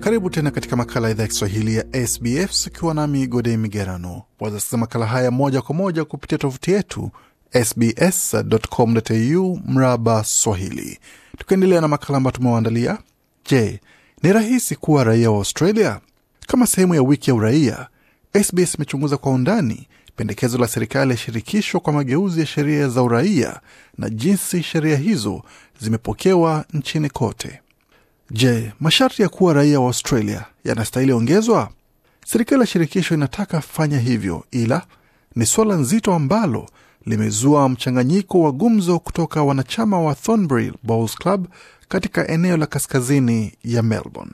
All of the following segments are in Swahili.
Karibu tena katika makala ya idhaa ya Kiswahili ya SBS ukiwa nami Gode Migerano. Wazasikiza makala haya moja kwa moja kupitia tovuti yetu sbs.com.au mraba Swahili. Tukiendelea na makala ambayo tumewaandalia, je, ni rahisi kuwa raia wa Australia? Kama sehemu ya wiki ya uraia, SBS imechunguza kwa undani pendekezo la serikali ya shirikisho kwa mageuzi ya sheria za uraia na jinsi sheria hizo zimepokewa nchini kote. Je, masharti ya kuwa raia wa Australia yanastahili ongezwa? Serikali ya shirikisho inataka fanya hivyo, ila ni suala nzito ambalo limezua mchanganyiko wa gumzo kutoka wanachama wa Thornbury Bowls Club katika eneo la kaskazini ya Melbourne.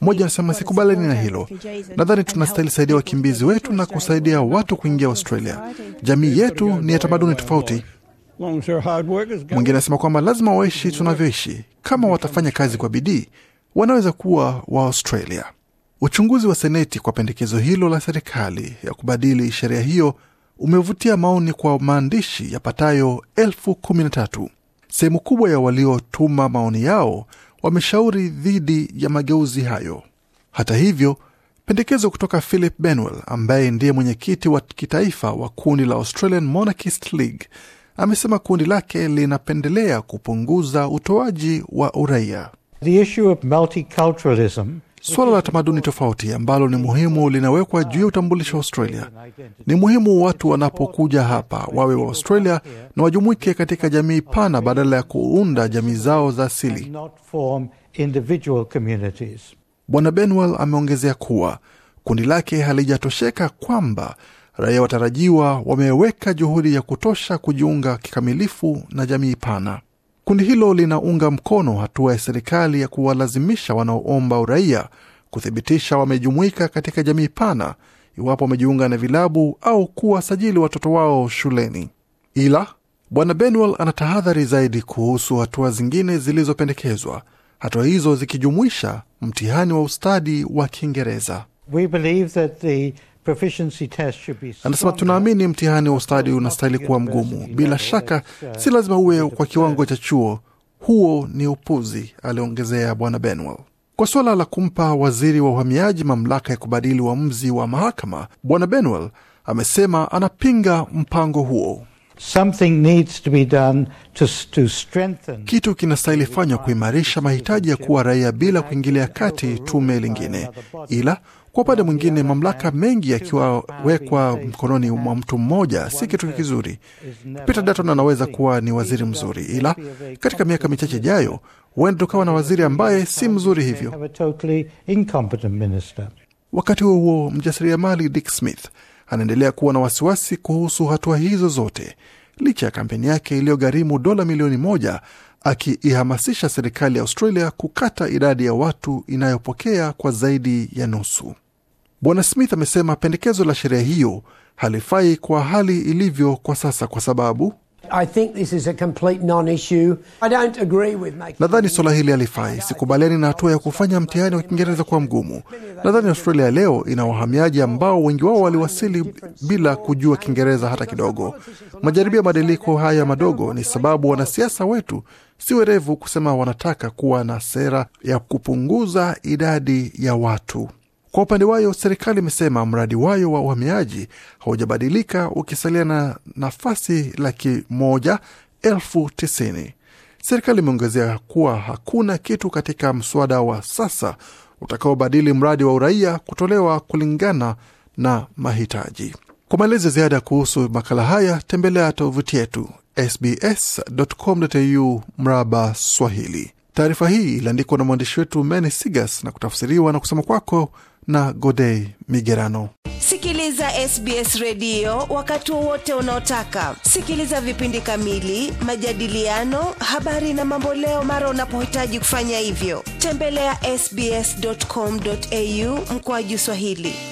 Mmoja anasema sikubaliani na hilo, nadhani tunastahili saidia wakimbizi wetu na kusaidia watu kuingia Australia. Jamii yetu ni ya tamaduni tofauti Mwingine anasema kwamba lazima waishi tunavyoishi, kama watafanya kazi kwa bidii wanaweza kuwa wa Australia. Uchunguzi wa Seneti kwa pendekezo hilo la serikali ya kubadili sheria hiyo umevutia maoni kwa maandishi yapatayo elfu kumi na tatu. Sehemu kubwa ya waliotuma maoni yao wameshauri dhidi ya mageuzi hayo. Hata hivyo, pendekezo kutoka Philip Benwell ambaye ndiye mwenyekiti wa kitaifa wa kundi la Australian Monarchist League amesema kundi lake linapendelea kupunguza utoaji wa uraia. Suala la tamaduni tofauti ambalo ni muhimu linawekwa juu ya utambulisho wa Australia. Ni muhimu watu wanapokuja hapa wawe wa Australia na wajumuike katika jamii pana badala ya kuunda jamii zao za asili. Bwana Benwell ameongezea kuwa kundi lake halijatosheka kwamba raia watarajiwa wameweka juhudi ya kutosha kujiunga kikamilifu na jamii pana. Kundi hilo linaunga mkono hatua ya serikali ya kuwalazimisha wanaoomba uraia kuthibitisha wamejumuika katika jamii pana iwapo wamejiunga na vilabu au kuwasajili watoto wao shuleni. Ila Bwana Benwell anatahadhari zaidi kuhusu hatua zingine zilizopendekezwa, hatua hizo zikijumuisha mtihani wa ustadi wa Kiingereza. We believe that the Anasema tunaamini mtihani wa ustadi unastahili kuwa mgumu. Bila shaka, si lazima uwe kwa kiwango cha chuo. Huo ni upuzi, aliongezea Bwana Benwell. Kwa suala la kumpa waziri wa uhamiaji mamlaka ya kubadili uamuzi wa, wa mahakama, Bwana Benwell amesema anapinga mpango huo. Kitu kinastahili fanywa kuimarisha mahitaji ya kuwa raia bila kuingilia kati tume lingine, ila kwa upande mwingine, mamlaka mengi yakiwawekwa mkononi mwa mtu mmoja si kitu kizuri. Peter Dutton anaweza kuwa ni waziri mzuri, ila katika miaka michache ijayo huenda tukawa na waziri ambaye si mzuri hivyo. Wakati huo huo, mjasiriamali Dick Smith anaendelea kuwa na wasiwasi kuhusu hatua hizo zote licha ya kampeni yake iliyogharimu dola milioni moja akiihamasisha serikali ya Australia kukata idadi ya watu inayopokea kwa zaidi ya nusu. Bwana Smith amesema pendekezo la sheria hiyo halifai kwa hali ilivyo kwa sasa, kwa sababu Nadhani swala hili halifai. Sikubaliani na hatua ya kufanya mtihani wa Kiingereza kuwa mgumu. Nadhani Australia leo ina wahamiaji ambao wengi wao waliwasili bila kujua Kiingereza hata kidogo. Majaribio ya mabadiliko haya madogo ni sababu wanasiasa wetu si werevu kusema wanataka kuwa na sera ya kupunguza idadi ya watu. Kwa upande wayo, serikali imesema mradi wayo wa uhamiaji haujabadilika ukisalia na nafasi laki moja elfu tisini. Serikali imeongezea kuwa hakuna kitu katika mswada wa sasa utakaobadili mradi wa uraia kutolewa kulingana na mahitaji. Kwa maelezo ziada kuhusu makala haya tembelea tovuti yetu sbs.com.au mraba Swahili. Taarifa hii iliandikwa na mwandishi wetu Mene Sigas na kutafsiriwa na kusoma kwako na Godei Migerano. Sikiliza SBS redio wakati wowote unaotaka. Sikiliza vipindi kamili, majadiliano, habari na mamboleo mara unapohitaji kufanya hivyo. Tembelea ya sbs.com.au mkoaji Swahili.